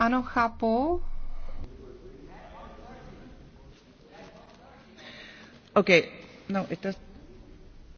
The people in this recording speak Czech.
Ano, chápu. Okay. No, it does...